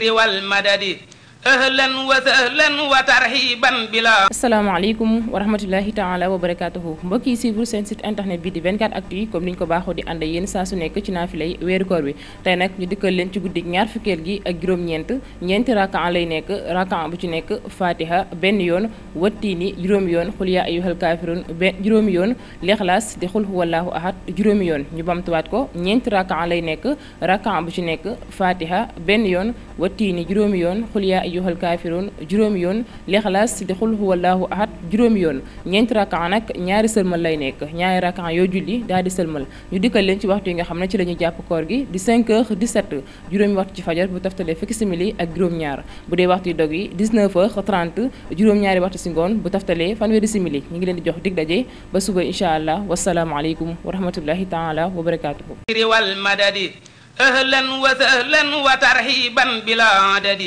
wal madadi ahlan wa sahlan wa tarhiban bila asalaamaaleykum wa rahmatullahi taala wa barakaatuhu mbokk yi suivre seen site internet bi di 24 actu yi comme ni ñu ko baaxoo di ànd ak yéen saa su nekk ci naafilay weeru koor bi tey nag ñu dikkal leen ci guddi ñaar fukkeel gi ak juróom-ñeent ñeenti rakaan lay nekk rakaan bu ci nekk fatiha benn yoon wattiini juróomi yoon xul yaa ayyuhal kaafiruun benn juróomi yoon lexlaas di xul huwallaahu juróomi yoon ñu bamtuwaat ko ñeenti rakaan lay nekk rakaan bu ci nekk fatiha benn yoon wattiini juróomi yoon xul yaa ayyuhal yoon lexlaas di xul huwallaahu ahad juróomi yoon ñeenti rakan nag ñaari sëlmal lay nekk ñaari rakan yoo julli daal sëlmal ñu dikkal leen ci waxtu yi nga xam ne ci la ñuy jàpp koor gi di 5 heures 17 waxtu ci fajar bu taftalee fukki simili ak juróom-ñaar bu dee waxtu yi dog heures 30 juróom-ñaari waxtu si ngoon bu taftalee fanweeri simili ñu ngi leen di jox dig ba suba incha allah wa rahmatullahi taala wa barakaatuhu.